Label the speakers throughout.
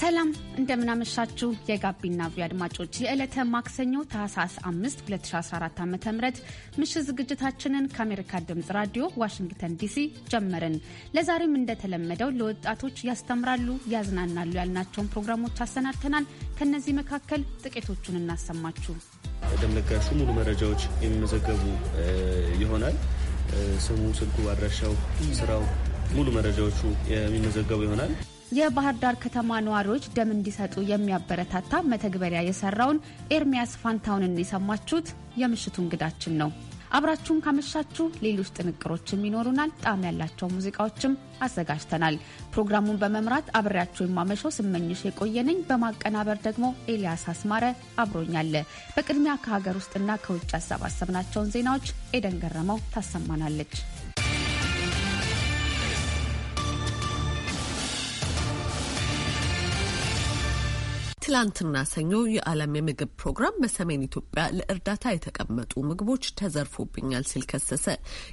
Speaker 1: ሰላም እንደምናመሻችሁ የጋቢና ቪ አድማጮች የዕለተ ማክሰኞ ታህሳስ 5 2014 ዓ ም ምሽት ዝግጅታችንን ከአሜሪካ ድምፅ ራዲዮ ዋሽንግተን ዲሲ ጀመርን። ለዛሬም እንደተለመደው ለወጣቶች ያስተምራሉ፣ ያዝናናሉ ያልናቸውን ፕሮግራሞች አሰናድተናል። ከእነዚህ መካከል ጥቂቶቹን እናሰማችሁ።
Speaker 2: ደምለጋሹ ሙሉ መረጃዎች የሚመዘገቡ ይሆናል። ስሙ፣ ስልኩ፣ አድራሻው፣ ስራው ሙሉ መረጃዎቹ የሚመዘገቡ ይሆናል።
Speaker 1: የባህር ዳር ከተማ ነዋሪዎች ደም እንዲሰጡ የሚያበረታታ መተግበሪያ የሰራውን ኤርሚያስ ፋንታውንን የሰማችሁት የምሽቱ እንግዳችን ነው። አብራችሁን ካመሻችሁ ሌሎች ጥንቅሮችም ይኖሩናል። ጣዕም ያላቸው ሙዚቃዎችም አዘጋጅተናል። ፕሮግራሙን በመምራት አብሬያችሁ የማመሸው ስመኝሽ የቆየነኝ፣ በማቀናበር ደግሞ ኤልያስ አስማረ አብሮኛለ። በቅድሚያ ከሀገር ውስጥና ከውጭ ያሰባሰብናቸውን ዜናዎች ኤደን ገረመው ታሰማናለች።
Speaker 3: ትላንትና ሰኞ የዓለም የምግብ ፕሮግራም በሰሜን ኢትዮጵያ ለእርዳታ የተቀመጡ ምግቦች ተዘርፎብኛል ሲል ከሰሰ።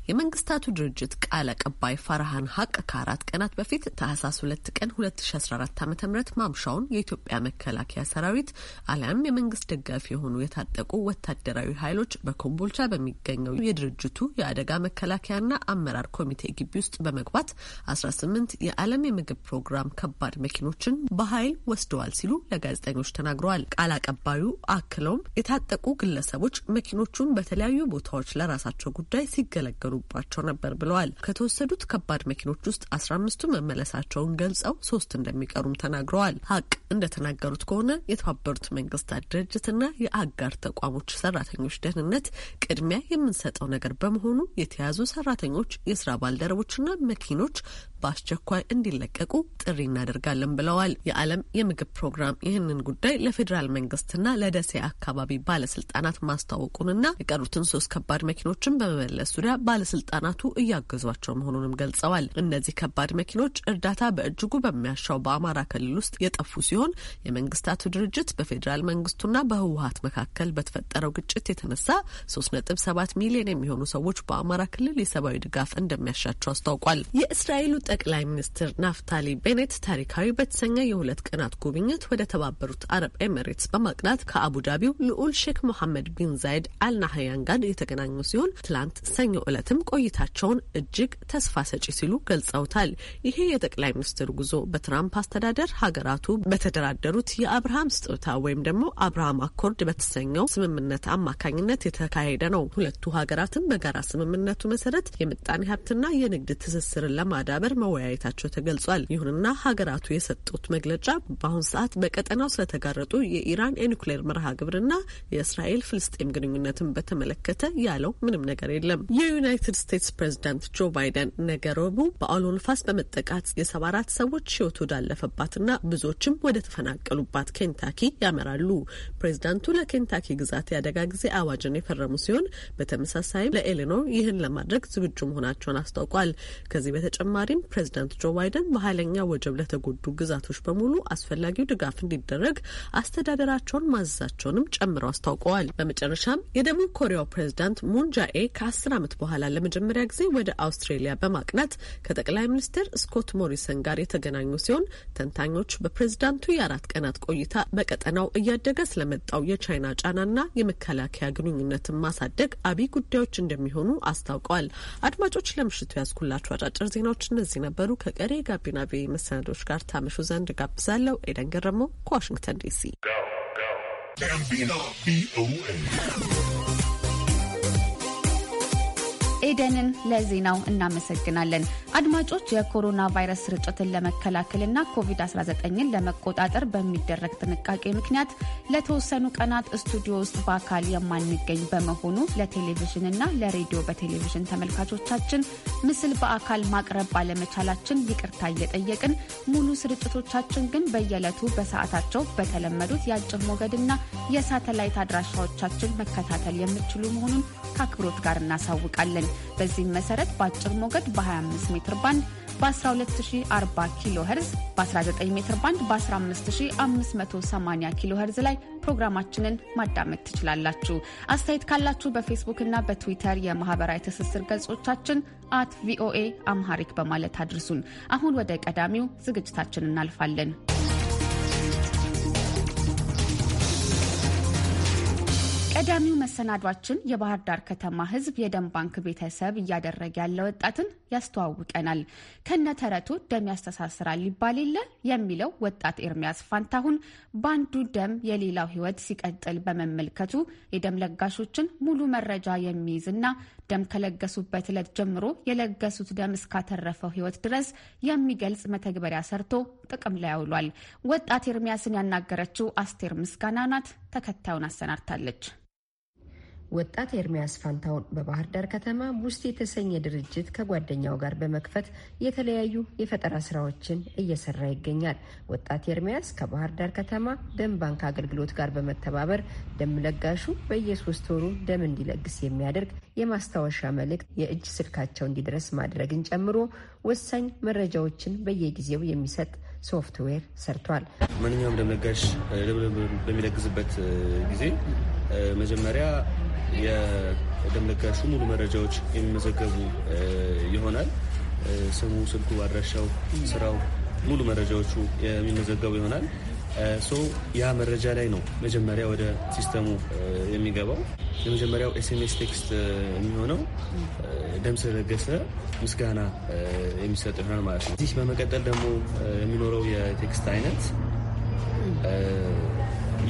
Speaker 3: የመንግስታቱ ድርጅት ቃል አቀባይ ፈርሃን ሀቅ ከአራት ቀናት በፊት ታህሳስ ሁለት ቀን 2014 ዓ ም ማምሻውን የኢትዮጵያ መከላከያ ሰራዊት አሊያም የመንግስት ደጋፊ የሆኑ የታጠቁ ወታደራዊ ኃይሎች በኮምቦልቻ በሚገኘው የድርጅቱ የአደጋ መከላከያና አመራር ኮሚቴ ግቢ ውስጥ በመግባት 18 የዓለም የምግብ ፕሮግራም ከባድ መኪኖችን በኃይል ወስደዋል ሲሉ ለጋዜ ጋዜጠኞች ተናግረዋል። ቃል አቀባዩ አክለውም የታጠቁ ግለሰቦች መኪኖቹን በተለያዩ ቦታዎች ለራሳቸው ጉዳይ ሲገለገሉባቸው ነበር ብለዋል። ከተወሰዱት ከባድ መኪኖች ውስጥ አስራ አምስቱ መመለሳቸውን ገልጸው ሶስት እንደሚቀሩም ተናግረዋል። ሀቅ እንደተናገሩት ከሆነ የተባበሩት መንግስታት ድርጅትና የአጋር ተቋሞች ሰራተኞች ደህንነት ቅድሚያ የምንሰጠው ነገር በመሆኑ የተያዙ ሰራተኞች፣ የስራ ባልደረቦችና መኪኖች በአስቸኳይ እንዲለቀቁ ጥሪ እናደርጋለን ብለዋል። የዓለም የምግብ ፕሮግራም ይህንን ጉዳይ ለፌዴራል መንግስትና ለደሴ አካባቢ ባለስልጣናት ማስታወቁንና የቀሩትን ሶስት ከባድ መኪኖችን በመመለስ ዙሪያ ባለስልጣናቱ እያገዟቸው መሆኑንም ገልጸዋል። እነዚህ ከባድ መኪኖች እርዳታ በእጅጉ በሚያሻው በአማራ ክልል ውስጥ የጠፉ ሲሆን የመንግስታቱ ድርጅት በፌዴራል መንግስቱና በህወሀት መካከል በተፈጠረው ግጭት የተነሳ ሶስት ነጥብ ሰባት ሚሊዮን የሚሆኑ ሰዎች በአማራ ክልል የሰብአዊ ድጋፍ እንደሚያሻቸው አስታውቋል። የእስራኤሉ ጠቅላይ ሚኒስትር ናፍታሊ ቤኔት ታሪካዊ በተሰኘ የሁለት ቀናት ጉብኝት ወደ ተባበሩት አረብ ኤምሬትስ በማቅናት ከአቡዳቢው ልዑል ሼክ ሞሐመድ ቢን ዛይድ አልናሀያን ጋር የተገናኙ ሲሆን ትላንት ሰኞ ዕለትም ቆይታቸውን እጅግ ተስፋ ሰጪ ሲሉ ገልጸውታል። ይሄ የጠቅላይ ሚኒስትር ጉዞ በትራምፕ አስተዳደር ሀገራቱ በተደራደሩት የአብርሃም ስጦታ ወይም ደግሞ አብርሃም አኮርድ በተሰኘው ስምምነት አማካኝነት የተካሄደ ነው። ሁለቱ ሀገራትም በጋራ ስምምነቱ መሰረት የምጣኔ ሀብትና የንግድ ትስስርን ለማዳበር መወያየታቸው ተገልጿል። ይሁንና ሀገራቱ የሰጡት መግለጫ በአሁን ሰዓት በቀጠናው ስለተጋረጡ የኢራን የኒኩሌር መርሃ ግብርና የእስራኤል ፍልስጤም ግንኙነትን በተመለከተ ያለው ምንም ነገር የለም። የዩናይትድ ስቴትስ ፕሬዚዳንት ጆ ባይደን ነገ ረቡዕ በአውሎ ንፋስ በመጠቃት የሰባ አራት ሰዎች ህይወት ወዳለፈባትና ብዙዎችም ወደ ተፈናቀሉባት ኬንታኪ ያመራሉ። ፕሬዚዳንቱ ለኬንታኪ ግዛት የአደጋ ጊዜ አዋጅን የፈረሙ ሲሆን በተመሳሳይ ለኤሌኖር ይህን ለማድረግ ዝግጁ መሆናቸውን አስታውቋል። ከዚህ በተጨማሪም ፕሬዚዳንት ጆ ባይደን በኃይለኛ ወጀብ ለተጎዱ ግዛቶች በሙሉ አስፈላጊው ድጋፍ እንዲደረግ አስተዳደራቸውን ማዘዛቸውንም ጨምረው አስታውቀዋል። በመጨረሻም የደቡብ ኮሪያው ፕሬዚዳንት ሙንጃኤ ከአስር ዓመት በኋላ ለመጀመሪያ ጊዜ ወደ አውስትሬሊያ በማቅናት ከጠቅላይ ሚኒስትር ስኮት ሞሪሰን ጋር የተገናኙ ሲሆን ተንታኞች በፕሬዝዳንቱ የአራት ቀናት ቆይታ በቀጠናው እያደገ ስለመጣው የቻይና ጫናና የመከላከያ ግንኙነትን ማሳደግ አብይ ጉዳዮች እንደሚሆኑ አስታውቀዋል። አድማጮች ለምሽቱ ያዝኩላችሁ አጫጭር ዜናዎች እነዚህ ነበሩ ከቀሪ የጋቢና ቪ መሰናዶች ጋር ታመሹ ዘንድ ጋብዛለሁ። ኤደን ገረመው ከዋሽንግተን ዲሲ
Speaker 1: ኤደንን ለዜናው እናመሰግናለን። አድማጮች የኮሮና ቫይረስ ስርጭትን ለመከላከልና ኮቪድ-19ን ለመቆጣጠር በሚደረግ ጥንቃቄ ምክንያት ለተወሰኑ ቀናት ስቱዲዮ ውስጥ በአካል የማንገኝ በመሆኑ ለቴሌቪዥንና ለሬዲዮ በቴሌቪዥን ተመልካቾቻችን ምስል በአካል ማቅረብ ባለመቻላችን ይቅርታ እየጠየቅን ሙሉ ስርጭቶቻችን ግን በየዕለቱ በሰዓታቸው በተለመዱት የአጭር ሞገድና የሳተላይት አድራሻዎቻችን መከታተል የምችሉ መሆኑን ከአክብሮት ጋር እናሳውቃለን። በዚህም መሰረት በአጭር ሞገድ በ25 ሜትር ባንድ በ12040 ኪሎ ሄርዝ በ19 ሜትር ባንድ በ15580 ኪሎ ሄርዝ ላይ ፕሮግራማችንን ማዳመጥ ትችላላችሁ። አስተያየት ካላችሁ በፌስቡክ እና በትዊተር የማህበራዊ ትስስር ገጾቻችን አት ቪኦኤ አምሃሪክ በማለት አድርሱን። አሁን ወደ ቀዳሚው ዝግጅታችን እናልፋለን። ቀዳሚው መሰናዷችን የባህር ዳር ከተማ ህዝብ የደም ባንክ ቤተሰብ እያደረገ ያለ ወጣትን ያስተዋውቀናል። ከነ ተረቱ ደም ያስተሳስራል ይባል የለ የሚለው ወጣት ኤርሚያስ ፋንታሁን በአንዱ ደም የሌላው ህይወት ሲቀጥል በመመልከቱ የደም ለጋሾችን ሙሉ መረጃ የሚይዝና ደም ከለገሱበት ዕለት ጀምሮ የለገሱት ደም እስካተረፈው ህይወት ድረስ የሚገልጽ መተግበሪያ ሰርቶ ጥቅም ላይ አውሏል። ወጣት ኤርሚያስን ያናገረችው አስቴር ምስጋና ናት። ተከታዩን አሰናድታለች።
Speaker 4: ወጣት ኤርሚያስ ፋንታውን በባህር ዳር ከተማ ውስጥ የተሰኘ ድርጅት ከጓደኛው ጋር በመክፈት የተለያዩ የፈጠራ ስራዎችን እየሰራ ይገኛል። ወጣት ኤርሚያስ ከባህር ዳር ከተማ ደም ባንክ አገልግሎት ጋር በመተባበር ደም ለጋሹ በየሶስት ወሩ ደም እንዲለግስ የሚያደርግ የማስታወሻ መልእክት የእጅ ስልካቸው እንዲደረስ ማድረግን ጨምሮ ወሳኝ መረጃዎችን በየጊዜው የሚሰጥ ሶፍትዌር ሰርቷል።
Speaker 2: ማንኛውም ደም ለጋሽ በሚለግስበት ጊዜ መጀመሪያ የደም ለጋሹ ሙሉ መረጃዎች የሚመዘገቡ ይሆናል። ስሙ፣ ስልኩ፣ አድራሻው፣ ስራው፣ ሙሉ መረጃዎቹ የሚመዘገቡ ይሆናል። ሶ ያ መረጃ ላይ ነው መጀመሪያ ወደ ሲስተሙ የሚገባው። የመጀመሪያው ኤስኤምኤስ ቴክስት የሚሆነው ደም ስለለገሰ ምስጋና የሚሰጥ ይሆናል ማለት ነው። እዚህ በመቀጠል ደግሞ የሚኖረው የቴክስት አይነት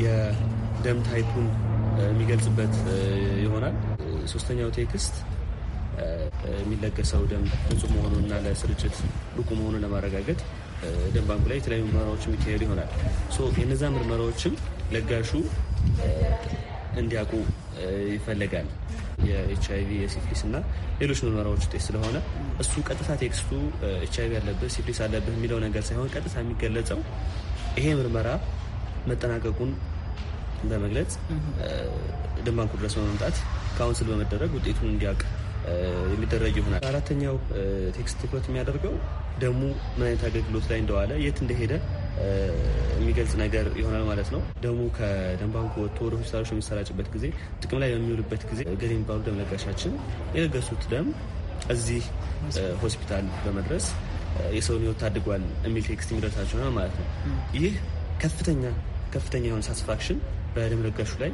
Speaker 2: የደም ታይፑን የሚገልጽበት ይሆናል። ሶስተኛው ቴክስት የሚለገሰው ደም ንጹህ መሆኑንና ለስርጭት ብቁ መሆኑን ለማረጋገጥ ደም ባንኩ ላይ የተለያዩ ምርመራዎች የሚካሄዱ ይሆናል። የነዛ ምርመራዎችም ለጋሹ እንዲያውቁ ይፈለጋል። የኤች አይቪ የሲፊሊስ እና ሌሎች ምርመራዎች ውጤት ስለሆነ እሱ ቀጥታ ቴክስቱ ኤች አይቪ አለብህ ሲፍሊስ አለብህ የሚለው ነገር ሳይሆን ቀጥታ የሚገለጸው ይሄ ምርመራ መጠናቀቁን በመግለጽ ደንባንኩ ድረስ በመምጣት ካውንስል በመደረግ ውጤቱን እንዲያውቅ የሚደረግ ይሆናል። አራተኛው ቴክስት ትኩረት የሚያደርገው ደሙ ምን አይነት አገልግሎት ላይ እንደዋለ የት እንደሄደ የሚገልጽ ነገር ይሆናል ማለት ነው። ደሙ ከደም ባንኩ ወጥቶ ወደ ሆስፒታሎች የሚሰራጭበት ጊዜ፣ ጥቅም ላይ በሚውልበት ጊዜ ገሌ የሚባሉ ደም ለጋሻችን የለገሱት ደም እዚህ ሆስፒታል በመድረስ የሰውን ሕይወት ታድጓል የሚል ቴክስት የሚደርሳቸው ማለት ነው። ይህ ከፍተኛ ከፍተኛ የሆነ ሳትስፋክሽን በደም ለጋሹ ላይ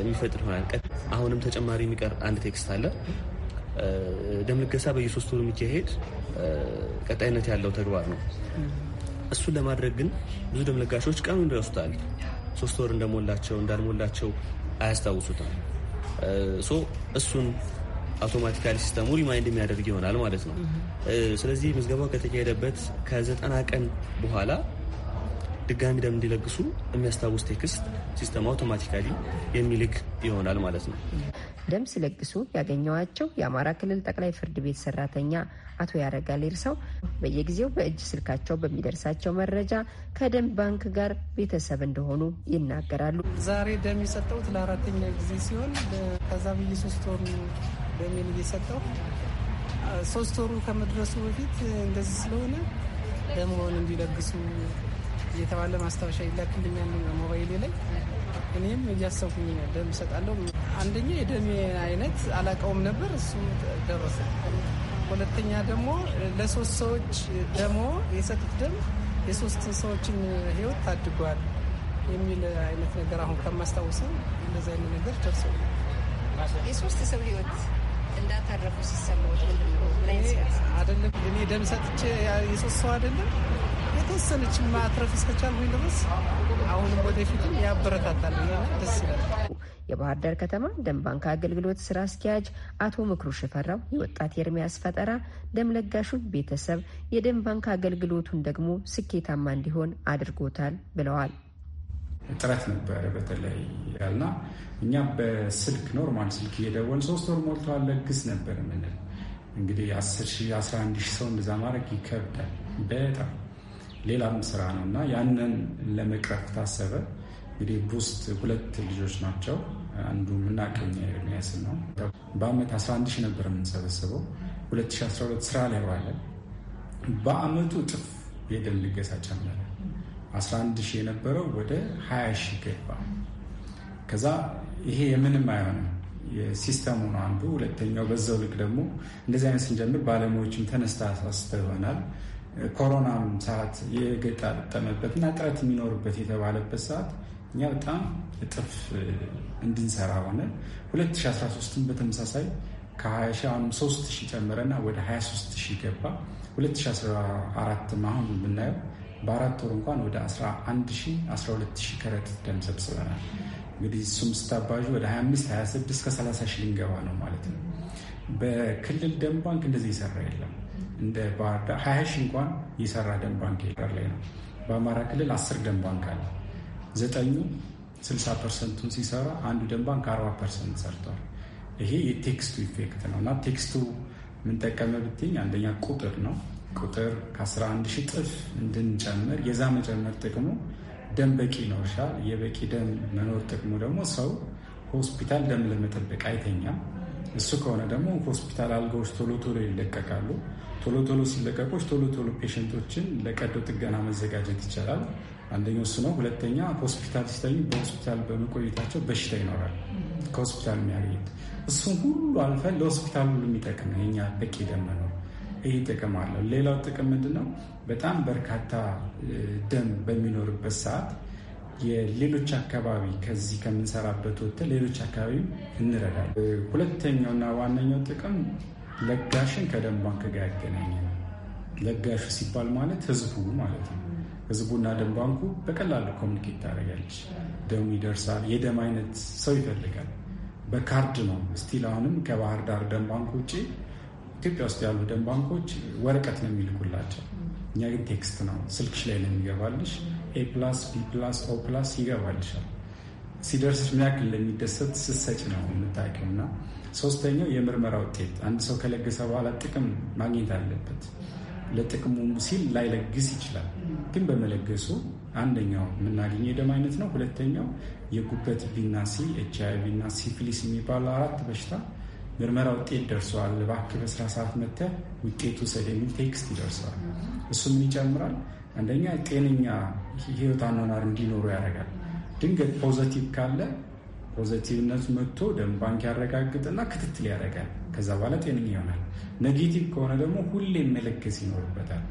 Speaker 2: የሚፈጥር ይሆናል። አሁንም ተጨማሪ የሚቀር አንድ ቴክስት አለ። ደም ልገሳ በየሶስት ወሩ የሚካሄድ ቀጣይነት ያለው ተግባር ነው። እሱን ለማድረግ ግን ብዙ ደም ለጋሾች ቀኑ ይወስዳል። ሶስት ወር እንደሞላቸው እንዳልሞላቸው አያስታውሱትም። ሶ እሱን አውቶማቲካሊ ሲስተሙ ሪማይንድ የሚያደርግ ይሆናል ማለት ነው። ስለዚህ ምዝገባው ከተካሄደበት ከዘጠና ቀን በኋላ ድጋሚ ደም እንዲለግሱ የሚያስታውስ ቴክስት ሲስተም አውቶማቲካሊ የሚልክ ይሆናል ማለት ነው።
Speaker 4: ደም ሲለግሱ ያገኘዋቸው የአማራ ክልል ጠቅላይ ፍርድ ቤት ሰራተኛ አቶ ያረጋል ይርሰው በየጊዜው በእጅ ስልካቸው በሚደርሳቸው መረጃ ከደም ባንክ ጋር ቤተሰብ እንደሆኑ ይናገራሉ።
Speaker 5: ዛሬ ደም የሰጠሁት ለአራተኛ ጊዜ ሲሆን ከዛ ብዬ ሶስት ወሩ ደሜን እየሰጠሁ ሶስት ወሩ ከመድረሱ በፊት እንደዚህ ስለሆነ ደም ሆን እንዲለግሱ እየተባለ ማስታወሻ ይላክልኛል ሞባይሌ ላይ። እኔም እያሰብኩኝ ነው ደም እሰጣለሁ። አንደኛ የደሜ አይነት አላቀውም ነበር፣ እሱም ደረሰ። ሁለተኛ ደግሞ ለሶስት ሰዎች ደግሞ የሰጡት ደም የሶስት ሰዎችን ህይወት ታድጓል የሚል አይነት ነገር አሁን ከማስታውሰው እንደዚህ አይነት ነገር ደርሶ
Speaker 4: የሶስት ሰው ህይወት እንዳታረፉ ሲሰማት ምንድን ነው?
Speaker 5: አይደለም እኔ ደም ሰጥቼ የሶስት ሰው አይደለም የተወሰነች ማትረፍ እስከቻልኩኝ ድረስ አሁንም ወደፊትም ያበረታታል ደስ ይላል።
Speaker 4: የባህር ዳር ከተማ ደም ባንክ አገልግሎት ስራ አስኪያጅ አቶ ምክሩ ሽፈራው የወጣት የእርሚያስ ፈጠራ ደም ለጋሹ ቤተሰብ የደም ባንክ አገልግሎቱን ደግሞ ስኬታማ እንዲሆን አድርጎታል ብለዋል።
Speaker 5: ጥረት ነበረ በተለይ ያልና እኛ በስልክ ኖርማል ስልክ እየደወልን ሶስት ወር ሞልተዋል ለግስ ነበር ምንል እንግዲህ 11 ሰው እንደዛ ማድረግ ይከብዳል በጣም ሌላም ስራ ነው እና ያንን ለመቅረፍ ታሰበ። እንግዲህ ቡስት ሁለት ልጆች ናቸው። አንዱ ምናቀኛ ኤርሚያስ ነው። በአመት 11 ሺህ ነበር የምንሰበስበው። 2012 ስራ ላይ ዋለ። በአመቱ እጥፍ የደን ልገሳ ጨመረ። 11 ሺህ የነበረው ወደ 20 ሺህ ገባ። ከዛ ይሄ የምንም አይሆንም የሲስተሙ ነው አንዱ። ሁለተኛው በዛው ልክ ደግሞ እንደዚህ አይነት ስንጀምር ባለሙያዎችም ተነስተ አስተ ይሆናል ኮሮናም ሰዓት እና ጥረት የሚኖርበት የተባለበት ሰዓት እኛ በጣም እጥፍ እንድንሰራ ሆነ። 2013ን በተመሳሳይ ከ23 ሺህ ጨምረና ወደ 23 ሺህ ገባ። 2014 አሁን ብናየው በአራት ወር እንኳን ወደ 11 ሺህ 12 ሺህ ደም ሰብስበናል። እንግዲህ እሱም ስታባዥ ወደ 25 26 ከ30 ሺህ ልንገባ ነው ማለት ነው። በክልል ደም ባንክ እንደዚህ ይሰራ የለም። እንደ ባህር ዳር ሀያ ሺህ እንኳን የሰራ ደም ባንክ ሄዳር ላይ ነው። በአማራ ክልል አስር ደም ባንክ አለ። ዘጠኙ ስልሳ ፐርሰንቱን ሲሰራ አንዱ ደም ባንክ አርባ ፐርሰንት ሰርቷል። ይሄ የቴክስቱ ኢፌክት ነው እና ቴክስቱ የምንጠቀመ ብትኝ አንደኛ ቁጥር ነው። ቁጥር ከ11 ሺህ ጥፍ እንድንጨምር የዛ መጨመር ጥቅሙ ደም በቂ ነው እርሻ የበቂ ደም መኖር ጥቅሙ ደግሞ ሰው ሆስፒታል ደም ለመጠበቅ አይተኛም። እሱ ከሆነ ደግሞ ሆስፒታል አልጋዎች ቶሎ ቶሎ ይለቀቃሉ። ቶሎ ቶሎ ሲለቀቆች ቶሎ ቶሎ ፔሸንቶችን ለቀዶ ጥገና መዘጋጀት ይቻላል። አንደኛው እሱ ነው። ሁለተኛ ሆስፒታል ሲተኙ በሆስፒታል በመቆየታቸው በሽታ ይኖራል። ከሆስፒታል የሚያገኝት እሱም ሁሉ አልፈን ለሆስፒታል ሁሉ የሚጠቅም የኛ በቂ ደም ነው። ይህ ጥቅም አለው። ሌላው ጥቅም ምንድነው በጣም በርካታ ደም በሚኖርበት ሰዓት የሌሎች አካባቢ ከዚህ ከምንሰራበት ወጥተ ሌሎች አካባቢ እንረዳለን። ሁለተኛውና ዋነኛው ጥቅም ለጋሽን ከደም ባንክ ጋር ነው። ለጋሹ ሲባል ማለት ህዝቡ ማለት ነው። ህዝቡና ደም ባንኩ በቀላሉ ኮሚኒኬት ታደርጋለች። ደም ይደርሳል። የደም አይነት ሰው ይፈልጋል። በካርድ ነው ስቲል አሁንም ከባህር ዳር ደም ባንክ ውጭ ኢትዮጵያ ውስጥ ያሉ ደም ባንኮች ወረቀት ነው የሚልኩላቸው። እኛ ግን ቴክስት ነው፣ ስልክሽ ላይ ነው የሚገባልሽ ኤ ፕላስ ቢ ፕላስ ኦ ፕላስ ይገባልሻል። ሲደርስሽ ምን ያክል ለሚደሰት ስሰጭ ነው የምታውቂው። እና ሶስተኛው የምርመራ ውጤት አንድ ሰው ከለገሰ በኋላ ጥቅም ማግኘት አለበት። ለጥቅሙ ሲል ላይለግስ ይችላል፣ ግን በመለገሱ አንደኛው የምናገኘው የደም አይነት ነው። ሁለተኛው የጉበት ቢና ሲ ኤች አይ ቪ እና ሲፊሊስ የሚባሉ አራት በሽታ ምርመራ ውጤት ደርሰዋል፣ እባክህ በስራ ሰዓት መጥተህ ውጤቱ ውሰድ የሚል ቴክስት ይደርሰዋል። እሱ ምን ይጨምራል? አንደኛ ጤነኛ ህይወት አኗኗር እንዲኖሩ ያደርጋል። ድንገት ፖዘቲቭ ካለ ፖዘቲቭነቱ መጥቶ ደም ባንክ ያረጋግጥና ክትትል ያደርጋል። ከዛ በኋላ ጤነኛ ይሆናል። ኔጌቲቭ ከሆነ ደግሞ ሁሌም መለገስ ይኖርበታል።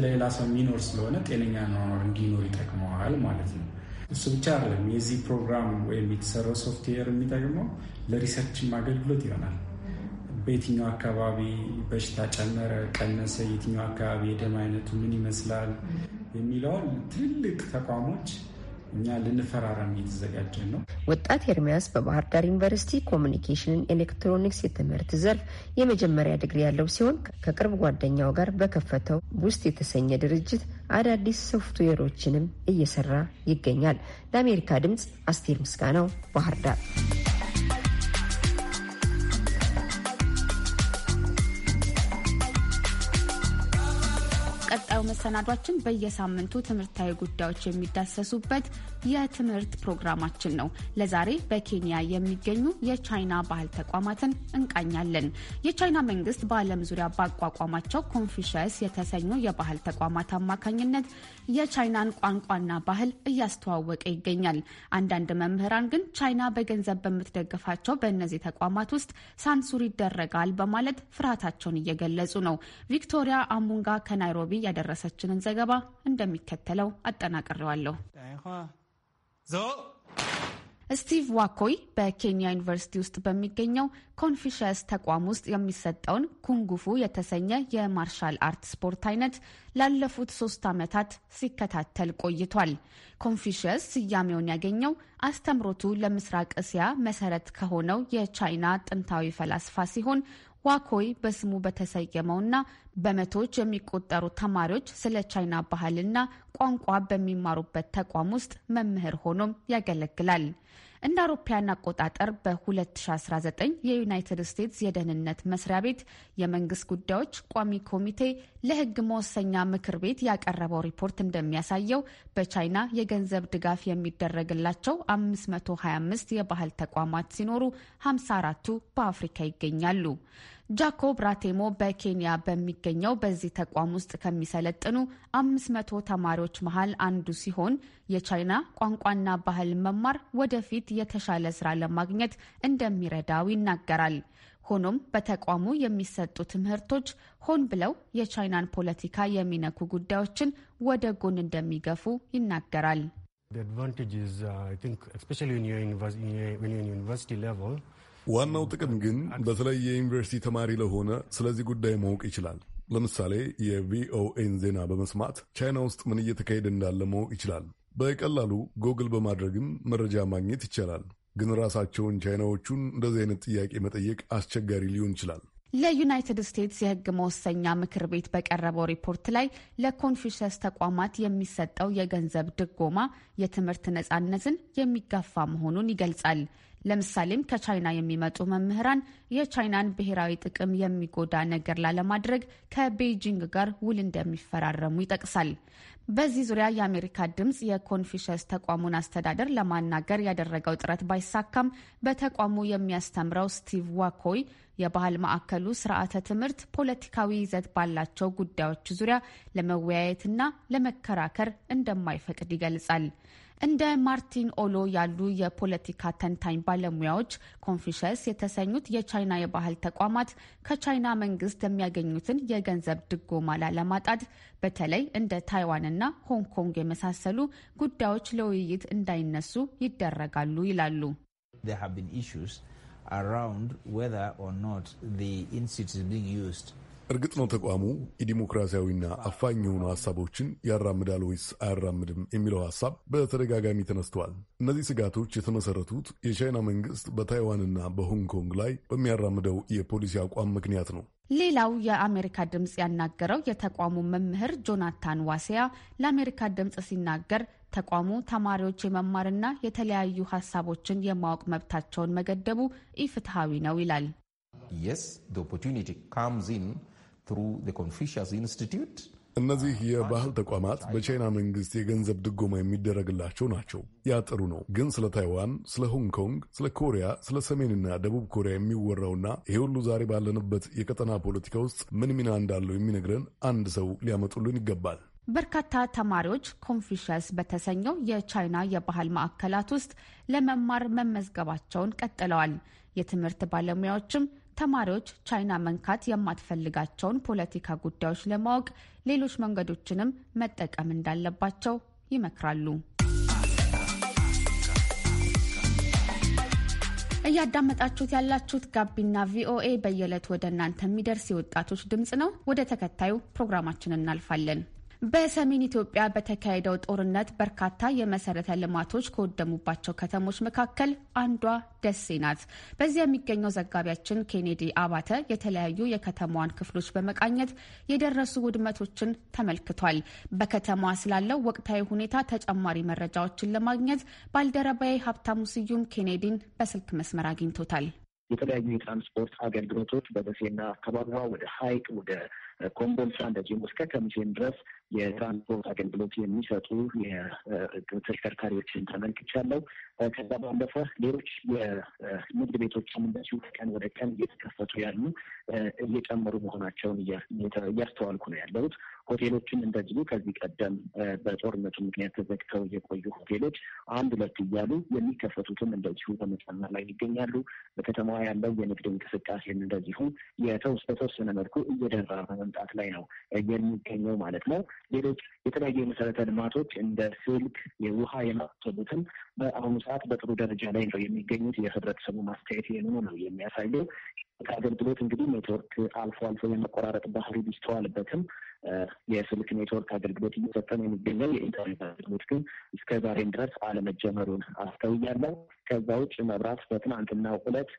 Speaker 5: ለሌላ ሰው የሚኖር ስለሆነ ጤነኛ አኗኗር እንዲኖር ይጠቅመዋል ማለት ነው። እሱ ብቻ አይደለም። የዚህ ፕሮግራም ወይም የተሰራው ሶፍትዌር የሚጠቅመው ለሪሰርችም አገልግሎት ይሆናል። በየትኛው አካባቢ በሽታ ጨመረ፣ ቀነሰ፣ የትኛው አካባቢ የደም አይነቱ ምን ይመስላል የሚለውን ትልቅ ተቋሞች እኛ ልንፈራረም እየተዘጋጀን ነው።
Speaker 4: ወጣት ኤርሚያስ በባህር ዳር ዩኒቨርሲቲ ኮሚኒኬሽንን ኤሌክትሮኒክስ የትምህርት ዘርፍ የመጀመሪያ ድግሪ ያለው ሲሆን ከቅርብ ጓደኛው ጋር በከፈተው ውስጥ የተሰኘ ድርጅት አዳዲስ ሶፍትዌሮችንም እየሰራ ይገኛል። ለአሜሪካ ድምፅ አስቴር ምስጋናው ባህር ዳር።
Speaker 1: መሰናዷችን በየሳምንቱ ትምህርታዊ ጉዳዮች የሚዳሰሱበት የትምህርት ፕሮግራማችን ነው። ለዛሬ በኬንያ የሚገኙ የቻይና ባህል ተቋማትን እንቃኛለን። የቻይና መንግስት በዓለም ዙሪያ ባቋቋማቸው ኮንፊሸስ የተሰኙ የባህል ተቋማት አማካኝነት የቻይናን ቋንቋና ባህል እያስተዋወቀ ይገኛል። አንዳንድ መምህራን ግን ቻይና በገንዘብ በምትደግፋቸው በእነዚህ ተቋማት ውስጥ ሳንሱር ይደረጋል በማለት ፍርሃታቸውን እየገለጹ ነው። ቪክቶሪያ አሙንጋ ከናይሮቢ ያደረሰ የላከችንን ዘገባ እንደሚከተለው አጠናቅሬዋለሁ። ስቲቭ ዋኮይ በኬንያ ዩኒቨርሲቲ ውስጥ በሚገኘው ኮንፊሽስ ተቋም ውስጥ የሚሰጠውን ኩንጉፉ የተሰኘ የማርሻል አርት ስፖርት አይነት ላለፉት ሶስት ዓመታት ሲከታተል ቆይቷል። ኮንፊሽስ ስያሜውን ያገኘው አስተምሮቱ ለምስራቅ እስያ መሰረት ከሆነው የቻይና ጥንታዊ ፈላስፋ ሲሆን ዋኮይ በስሙ በተሰየመውና በመቶዎች የሚቆጠሩ ተማሪዎች ስለ ቻይና ባህልና ቋንቋ በሚማሩበት ተቋም ውስጥ መምህር ሆኖም ያገለግላል። እንደ አውሮፓውያን አቆጣጠር በ2019 የዩናይትድ ስቴትስ የደህንነት መስሪያ ቤት የመንግስት ጉዳዮች ቋሚ ኮሚቴ ለሕግ መወሰኛ ምክር ቤት ያቀረበው ሪፖርት እንደሚያሳየው በቻይና የገንዘብ ድጋፍ የሚደረግላቸው 525 የባህል ተቋማት ሲኖሩ 54ቱ በአፍሪካ ይገኛሉ። ጃኮብ ራቴሞ በኬንያ በሚገኘው በዚህ ተቋም ውስጥ ከሚሰለጥኑ አምስት መቶ ተማሪዎች መሀል አንዱ ሲሆን የቻይና ቋንቋና ባህል መማር ወደፊት የተሻለ ስራ ለማግኘት እንደሚረዳው ይናገራል። ሆኖም በተቋሙ የሚሰጡ ትምህርቶች ሆን ብለው የቻይናን ፖለቲካ የሚነኩ ጉዳዮችን ወደ ጎን እንደሚገፉ ይናገራል።
Speaker 6: ዋናው ጥቅም ግን በተለይ የዩኒቨርሲቲ ተማሪ ለሆነ ስለዚህ ጉዳይ ማወቅ ይችላል። ለምሳሌ የቪኦኤን ዜና በመስማት ቻይና ውስጥ ምን እየተካሄደ እንዳለ ማወቅ ይችላል። በቀላሉ ጎግል በማድረግም መረጃ ማግኘት ይቻላል። ግን ራሳቸውን ቻይናዎቹን እንደዚህ አይነት ጥያቄ መጠየቅ አስቸጋሪ ሊሆን ይችላል።
Speaker 1: ለዩናይትድ ስቴትስ የህግ መወሰኛ ምክር ቤት በቀረበው ሪፖርት ላይ ለኮንፊሸስ ተቋማት የሚሰጠው የገንዘብ ድጎማ የትምህርት ነጻነትን የሚጋፋ መሆኑን ይገልጻል። ለምሳሌም ከቻይና የሚመጡ መምህራን የቻይናን ብሔራዊ ጥቅም የሚጎዳ ነገር ላለማድረግ ከቤይጂንግ ጋር ውል እንደሚፈራረሙ ይጠቅሳል። በዚህ ዙሪያ የአሜሪካ ድምፅ የኮንፊሸስ ተቋሙን አስተዳደር ለማናገር ያደረገው ጥረት ባይሳካም በተቋሙ የሚያስተምረው ስቲቭ ዋኮይ የባህል ማዕከሉ ስርዓተ ትምህርት ፖለቲካዊ ይዘት ባላቸው ጉዳዮች ዙሪያ ለመወያየትና ለመከራከር እንደማይፈቅድ ይገልጻል። እንደ ማርቲን ኦሎ ያሉ የፖለቲካ ተንታኝ ባለሙያዎች ኮንፊሸስ የተሰኙት የቻይና የባህል ተቋማት ከቻይና መንግስት የሚያገኙትን የገንዘብ ድጎማ ላለማጣት በተለይ እንደ ታይዋንና ሆንግ ኮንግ የመሳሰሉ ጉዳዮች ለውይይት እንዳይነሱ ይደረጋሉ ይላሉ።
Speaker 5: there have been issues around whether or not the institute is
Speaker 6: being used እርግጥ ነው ተቋሙ የዲሞክራሲያዊና አፋኝ የሆኑ ሀሳቦችን ያራምዳል ወይስ አያራምድም የሚለው ሀሳብ በተደጋጋሚ ተነስተዋል። እነዚህ ስጋቶች የተመሰረቱት የቻይና መንግስት በታይዋንና በሆንግ ኮንግ ላይ በሚያራምደው የፖሊሲ አቋም ምክንያት ነው።
Speaker 1: ሌላው የአሜሪካ ድምፅ ያናገረው የተቋሙ መምህር ጆናታን ዋሲያ ለአሜሪካ ድምፅ ሲናገር ተቋሙ ተማሪዎች የመማርና የተለያዩ ሀሳቦችን የማወቅ መብታቸውን መገደቡ ኢፍትሐዊ ነው ይላል።
Speaker 5: Yes, the opportunity
Speaker 6: comes in እነዚህ የባህል ተቋማት በቻይና መንግስት የገንዘብ ድጎማ የሚደረግላቸው ናቸው። ያ ጥሩ ነው። ግን ስለ ታይዋን፣ ስለ ሆንግ ኮንግ፣ ስለ ኮሪያ፣ ስለ ሰሜንና ደቡብ ኮሪያ የሚወራውና ይህ ሁሉ ዛሬ ባለንበት የቀጠና ፖለቲካ ውስጥ ምን ሚና እንዳለው የሚነግረን አንድ ሰው ሊያመጡልን ይገባል።
Speaker 1: በርካታ ተማሪዎች ኮንፊሽስ በተሰኘው የቻይና የባህል ማዕከላት ውስጥ ለመማር መመዝገባቸውን ቀጥለዋል። የትምህርት ባለሙያዎችም ተማሪዎች ቻይና መንካት የማትፈልጋቸውን ፖለቲካ ጉዳዮች ለማወቅ ሌሎች መንገዶችንም መጠቀም እንዳለባቸው ይመክራሉ። እያዳመጣችሁት ያላችሁት ጋቢና ቪኦኤ በየዕለት ወደ እናንተ የሚደርስ የወጣቶች ድምፅ ነው። ወደ ተከታዩ ፕሮግራማችን እናልፋለን። በሰሜን ኢትዮጵያ በተካሄደው ጦርነት በርካታ የመሰረተ ልማቶች ከወደሙባቸው ከተሞች መካከል አንዷ ደሴ ናት። በዚያ የሚገኘው ዘጋቢያችን ኬኔዲ አባተ የተለያዩ የከተማዋን ክፍሎች በመቃኘት የደረሱ ውድመቶችን ተመልክቷል። በከተማዋ ስላለው ወቅታዊ ሁኔታ ተጨማሪ መረጃዎችን ለማግኘት ባልደረባዬ ሀብታሙ ስዩም ኬኔዲን በስልክ መስመር አግኝቶታል።
Speaker 7: የተለያዩ የትራንስፖርት አገልግሎቶች በደሴና አካባቢዋ ወደ ሀይቅ ወደ ኮምቦልቻ እንደዚሁም እስከ ከሚሴን ድረስ የትራንስፖርት አገልግሎት የሚሰጡ የተሽከርካሪዎችን ተመልክቻለሁ። ከዛ ባለፈ ሌሎች የንግድ ቤቶችም እንደዚሁ ከቀን ወደ ቀን እየተከፈቱ ያሉ እየጨመሩ መሆናቸውን እያስተዋልኩ ነው ያለሁት። ሆቴሎችን እንደዚሁ ከዚህ ቀደም በጦርነቱ ምክንያት ተዘግተው የቆዩ ሆቴሎች አንድ ሁለት እያሉ የሚከፈቱትም እንደዚሁ በመጨመር ላይ ይገኛሉ። በከተማዋ ያለው የንግድ እንቅስቃሴን እንደዚሁ በተወሰነ መልኩ እየደራ በመምጣት ላይ ነው የሚገኘው ማለት ነው። ሌሎች የተለያዩ የመሰረተ ልማቶች እንደ ስልክ፣ የውሃ የመሳሰሉትም በአሁኑ ሰዓት በጥሩ ደረጃ ላይ ነው የሚገኙት። የህብረተሰቡ ማስተያየት ይህንኑ ነው የሚያሳየው። ከአገልግሎት እንግዲህ ኔትወርክ አልፎ አልፎ የመቆራረጥ ባህሪ ቢስተዋልበትም የስልክ ኔትወርክ አገልግሎት እየሰጠን የሚገኘው የኢንተርኔት አገልግሎት ግን እስከ ዛሬም ድረስ አለመጀመሩን አስተውያለሁ። ከዛ ውጭ መብራት በትናንትናው ዕለት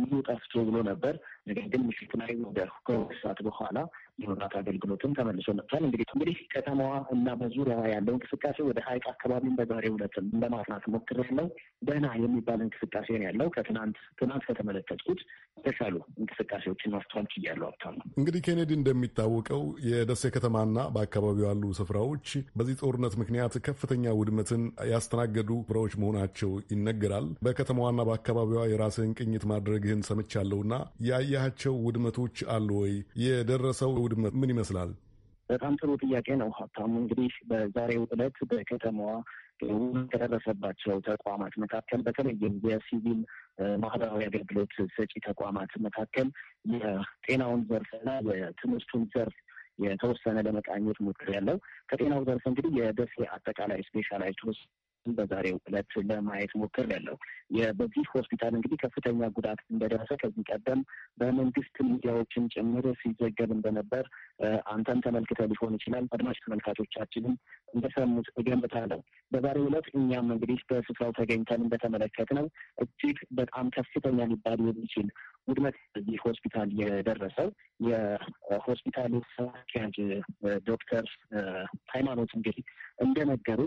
Speaker 7: ሙሉ ጠፍቶ ብሎ ነበር። ነገር ግን ምሽት ላይ ወደ ከሁለት ሰዓት በኋላ የመብራት አገልግሎትም ተመልሶ መጥቷል። እንግዲህ እንግዲህ ከተማዋ እና በዙሪያዋ ያለው እንቅስቃሴ ወደ ሀይቅ አካባቢም በዛሬው ዕለትም ለማጥናት ሞክሬያለሁ። ደህና የሚባል እንቅስቃሴ ነው ያለው ከትናንት ትናንት ከተመለከትኩት የተሻሉ እንቅስቃሴዎችን ማስተዋል ችያሉ። ሀብታሙ
Speaker 6: እንግዲህ ኬኔዲ እንደሚታወቀው የደሴ ከተማና በአካባቢው ያሉ ስፍራዎች በዚህ ጦርነት ምክንያት ከፍተኛ ውድመትን ያስተናገዱ ስፍራዎች መሆናቸው ይነገራል። በከተማዋና በአካባቢዋ የራስህን ቅኝት ማድረግህን ሰምቻለሁና ያያቸው ውድመቶች አሉ ወይ? የደረሰው ውድመት ምን ይመስላል?
Speaker 7: በጣም ጥሩ ጥያቄ ነው ሀብታሙ። እንግዲህ በዛሬው ዕለት በከተማዋ ከደረሰባቸው ተቋማት መካከል በተለይም የሲቪል ማህበራዊ አገልግሎት ሰጪ ተቋማት መካከል የጤናውን ዘርፍና የትምህርቱን ዘርፍ የተወሰነ ለመቃኘት ሞክር ያለው ከጤናው ዘርፍ እንግዲህ የደሴ አጠቃላይ ስፔሻላይዝድ በዛሬው ዕለት ለማየት ሞክር ያለው በዚህ ሆስፒታል እንግዲህ ከፍተኛ ጉዳት እንደደረሰ ከዚህ ቀደም በመንግስት ሚዲያዎችን ጭምር ሲዘገብ እንደነበር አንተም ተመልክተ ሊሆን ይችላል። አድማጭ ተመልካቾቻችንም እንደሰሙት እገምታለሁ። በዛሬው ዕለት እኛም እንግዲህ በስፍራው ተገኝተን እንደተመለከትነው እጅግ በጣም ከፍተኛ ሊባል የሚችል ውድመት በዚህ ሆስፒታል የደረሰው የሆስፒታሉ ስራ አስኪያጅ ዶክተር ሃይማኖት እንግዲህ እንደነገሩ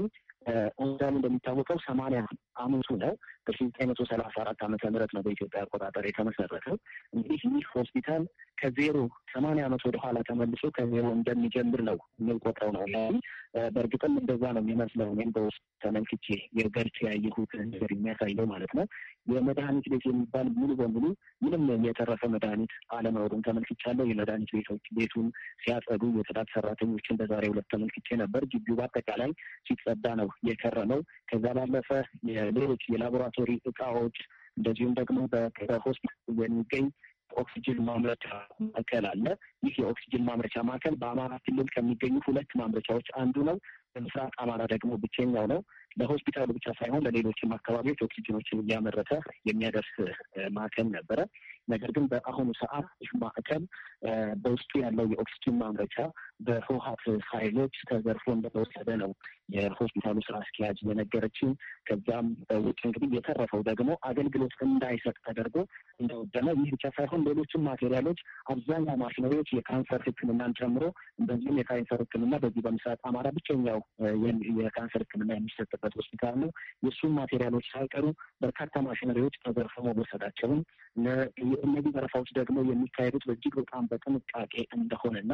Speaker 7: ኦንዳም እንደሚታወቀው ሰማንያ አመቱ ነው። በሺ ዘጠኝ መቶ ሰላሳ አራት ዓመተ ምህረት ነው በኢትዮጵያ አቆጣጠር የተመሰረተው። እንግዲህ ይህ ሆስፒታል ከዜሮ ሰማንያ ዓመት ወደኋላ ተመልሶ ከዜሮ እንደሚጀምር ነው የምንቆጥረው ነው። በእርግጥም እንደዛ ነው የሚመስለው። እኔም በውስጥ ተመልክቼ የገርች ያየሁት ነገር የሚያሳየው ማለት ነው። የመድኃኒት ቤት የሚባል ሙሉ በሙሉ ምንም የተረፈ መድኃኒት አለመኖሩን ተመልክቻለሁ። የመድኃኒት ቤቶች ቤቱን ሲያጸዱ የጽዳት ሰራተኞችን በዛሬ ሁለት ተመልክቼ ነበር። ግቢው በአጠቃላይ ሲጸዳ ነው የከረመው። ከዛ ባለፈ ሌሎች የላቦራቶ ላቦራቶሪ እቃዎች እንደዚሁም ደግሞ በሆስፒታል የሚገኝ ኦክሲጅን ማምረቻ ማዕከል አለ። ይህ የኦክሲጅን ማምረቻ ማዕከል በአማራ ክልል ከሚገኙ ሁለት ማምረቻዎች አንዱ ነው። በምስራቅ አማራ ደግሞ ብቸኛው ነው። ለሆስፒታሉ ብቻ ሳይሆን ለሌሎችም አካባቢዎች ኦክሲጅኖችን እያመረተ የሚያደርስ ማዕከል ነበረ። ነገር ግን በአሁኑ ሰዓት ይህ ማዕከል በውስጡ ያለው የኦክስጂን ማምረቻ በህወሀት ኃይሎች ተዘርፎ እንደተወሰደ ነው የሆስፒታሉ ስራ አስኪያጅ የነገረችን። ከዛም ውጭ እንግዲህ የተረፈው ደግሞ አገልግሎት እንዳይሰጥ ተደርጎ እንደወደመ፣ ይህ ብቻ ሳይሆን ሌሎችም ማቴሪያሎች፣ አብዛኛው ማሽነሪዎች የካንሰር ህክምናን ጨምሮ እንደዚሁም የካንሰር ህክምና በዚህ በምስራቅ አማራ ብቸኛው የካንሰር ህክምና የሚሰጥበት ሆስፒታል ነው። የእሱም ማቴሪያሎች ሳይቀሩ በርካታ ማሽነሪዎች ተዘርፎ መወሰዳቸውን እነዚህ ዘረፋዎች ደግሞ የሚካሄዱት በእጅግ በጣም በጥንቃቄ እንደሆነና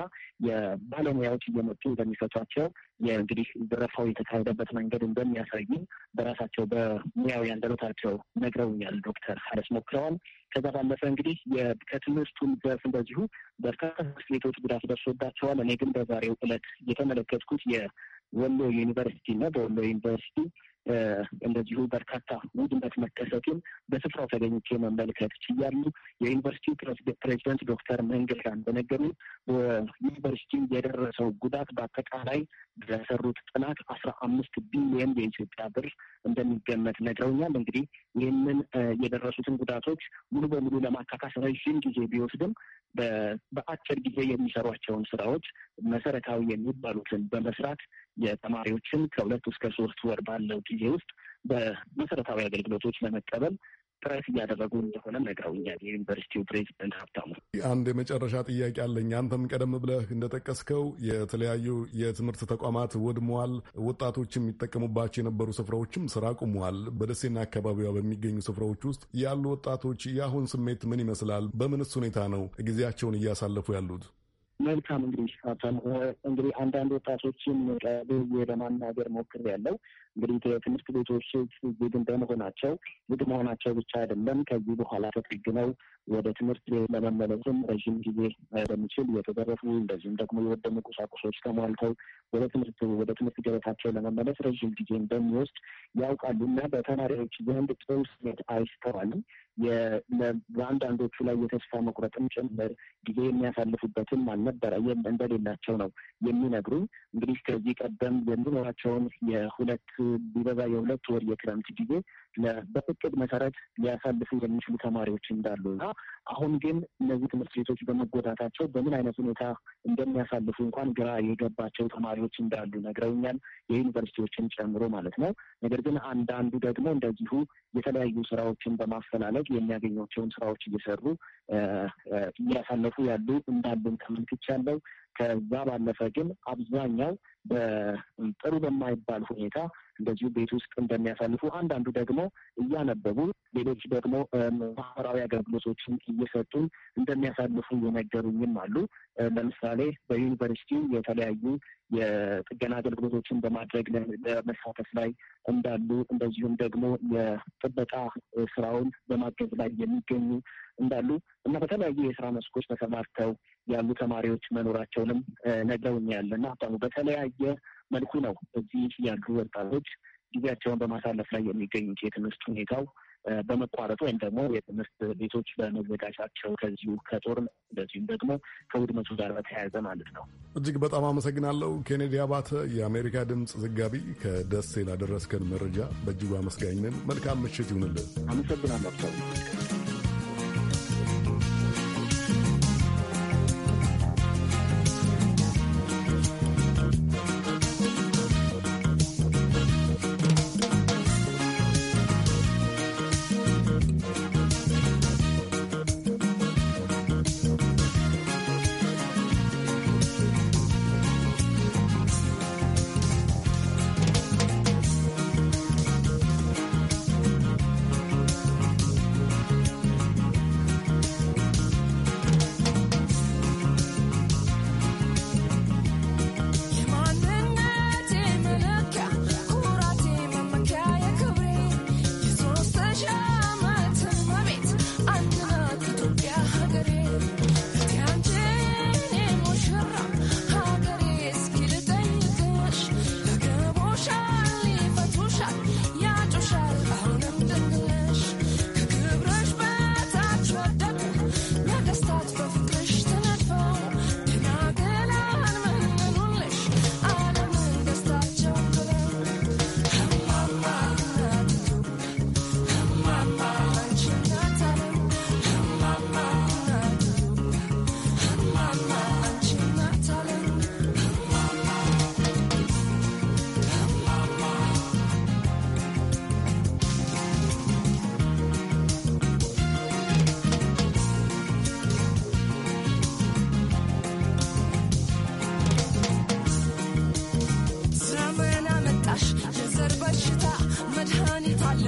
Speaker 7: የባለሙያዎች እየመጡ እንደሚፈቷቸው የእንግዲህ ዘረፋው የተካሄደበት መንገድ እንደሚያሳዩ በራሳቸው በሙያዊ አንደበታቸው ነግረውኛል። ዶክተር ሀረስ ሞክረዋል። ከዛ ባለፈ እንግዲህ ከትምህርቱን ዘርፍ እንደዚሁ በርካታ ትምህርት ቤቶች ጉዳት ደርሶባቸዋል። እኔ ግን በዛሬው እለት የተመለከትኩት የወሎ ዩኒቨርሲቲ እና በወሎ ዩኒቨርሲቲ እንደዚሁ በርካታ ውድመት መከሰቱን በስፍራው ተገኝቼ መመልከት ችያሉ። የዩኒቨርሲቲ ፕሬዚደንት ዶክተር መንገሻ እንደነገሩ በዩኒቨርሲቲ የደረሰው ጉዳት በአጠቃላይ በሰሩት ጥናት አስራ አምስት ቢሊየን የኢትዮጵያ ብር እንደሚገመት ነግረውኛል። እንግዲህ ይህንን የደረሱትን ጉዳቶች ሙሉ በሙሉ ለማካካስ ረዥም ጊዜ ቢወስድም በአጭር ጊዜ የሚሰሯቸውን ስራዎች መሰረታዊ የሚባሉትን በመስራት የተማሪዎችን ከሁለት እስከ ሶስት ወር ባለው ጊዜ ውስጥ በመሰረታዊ አገልግሎቶች ለመቀበል ጥረት እያደረጉ እንደሆነ ነግረውኛል። የዩኒቨርሲቲው ፕሬዚደንት ሀብታሙ፣
Speaker 6: አንድ የመጨረሻ ጥያቄ አለኝ። አንተም ቀደም ብለህ እንደጠቀስከው የተለያዩ የትምህርት ተቋማት ወድመዋል። ወጣቶች የሚጠቀሙባቸው የነበሩ ስፍራዎችም ስራ አቁመዋል። በደሴና አካባቢዋ በሚገኙ ስፍራዎች ውስጥ ያሉ ወጣቶች የአሁን ስሜት ምን ይመስላል? በምንስ ሁኔታ ነው ጊዜያቸውን እያሳለፉ ያሉት?
Speaker 7: መልካም እንግዲህ ሀብታም እንግዲህ አንዳንድ ወጣቶችን ቀብ ለማናገር ያለው እንግዲህ የትምህርት ቤቶች ዝግ በመሆናቸው ዝግ መሆናቸው ብቻ አይደለም ከዚህ በኋላ ተጠግነው ወደ ትምህርት ቤት ለመመለስም ረዥም ጊዜ በሚችል የተዘረፉ እንደዚሁም ደግሞ የወደሙ ቁሳቁሶች ተሟልተው ወደ ትምህርት ወደ ትምህርት ገበታቸው ለመመለስ ረዥም ጊዜ እንደሚወስድ ያውቃሉ እና በተማሪዎች ዘንድ ጥሩ ስሜት አይስተዋልም። በአንዳንዶቹ ላይ የተስፋ መቁረጥም ጭምር ጊዜ የሚያሳልፉበትም አልነበረ እንደሌላቸው ነው የሚነግሩኝ። እንግዲህ ከዚህ ቀደም የሚኖራቸውን የሁለት ቢበዛ የሁለት ወር የክረምት ጊዜ በፍቅድ መሰረት ሊያሳልፉ የሚችሉ ተማሪዎች እንዳሉ እና አሁን ግን እነዚህ ትምህርት ቤቶች በመጎዳታቸው በምን አይነት ሁኔታ እንደሚያሳልፉ እንኳን ግራ የገባቸው ተማሪዎች እንዳሉ ነግረውኛል። የዩኒቨርሲቲዎችን ጨምሮ ማለት ነው። ነገር ግን አንዳንዱ ደግሞ እንደዚሁ የተለያዩ ስራዎችን በማፈላለግ የሚያገኛቸውን ስራዎች እየሰሩ እያሳለፉ ያሉ እንዳሉን ተመልክቻለሁ። ከዛ ባለፈ ግን አብዛኛው በጥሩ በማይባል ሁኔታ እንደዚሁ ቤት ውስጥ እንደሚያሳልፉ አንዳንዱ ደግሞ እያነበቡ ሌሎች ደግሞ ማህበራዊ አገልግሎቶችን እየሰጡን እንደሚያሳልፉ የነገሩኝም አሉ። ለምሳሌ በዩኒቨርሲቲ የተለያዩ የጥገና አገልግሎቶችን በማድረግ በመሳተፍ ላይ እንዳሉ፣ እንደዚሁም ደግሞ የጥበቃ ስራውን በማገዝ ላይ የሚገኙ እንዳሉ እና በተለያዩ የስራ መስኮች ተሰማርተው ያሉ ተማሪዎች መኖራቸውንም ነግረውኛል እና በተለያየ መልኩ ነው እዚህ ያሉ ወጣቶች ጊዜያቸውን በማሳለፍ ላይ የሚገኙት የትምህርት ሁኔታው በመቋረጡ ወይም ደግሞ የትምህርት ቤቶች በመዘጋታቸው ከዚሁ ከጦር እንደዚሁም ደግሞ ከውድመቱ ጋር በተያያዘ ማለት ነው።
Speaker 6: እጅግ በጣም አመሰግናለሁ። ኬኔዲ አባተ፣ የአሜሪካ ድምፅ ዘጋቢ፣ ከደሴ ላደረስከን መረጃ በእጅጉ አመስጋኝ ነን። መልካም ምሽት ይሁንልን።
Speaker 7: አመሰግናለሁ።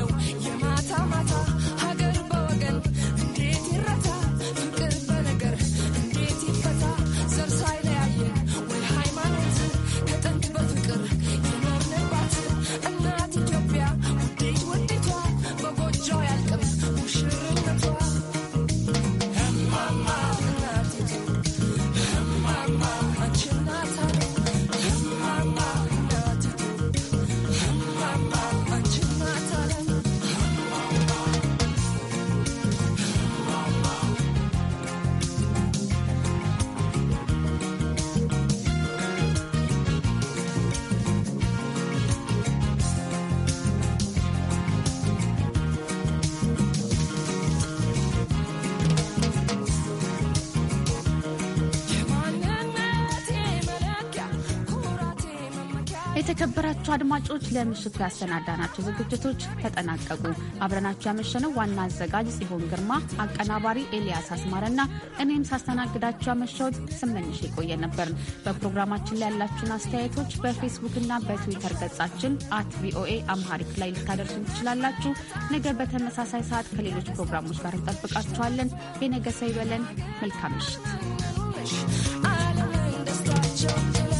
Speaker 8: olham
Speaker 1: የተከበራችሁ አድማጮች ለምሽቱ ያሰናዳናቸው ዝግጅቶች ተጠናቀቁ። አብረናችሁ ያመሸነው ዋና አዘጋጅ ጽሆን ግርማ፣ አቀናባሪ ኤልያስ አስማረና እኔም ሳስተናግዳችሁ ያመሸሁት ስመኝሽ የቆየ ነበር በፕሮግራማችን ላይ ያላችሁን አስተያየቶች በፌስቡክ እና በትዊተር ገጻችን አት ቪኦኤ አምሃሪክ ላይ ልታደርሱ ትችላላችሁ። ነገ በተመሳሳይ ሰዓት ከሌሎች ፕሮግራሞች ጋር እንጠብቃችኋለን። የነገ ሰው ይበለን። መልካም
Speaker 8: ምሽት።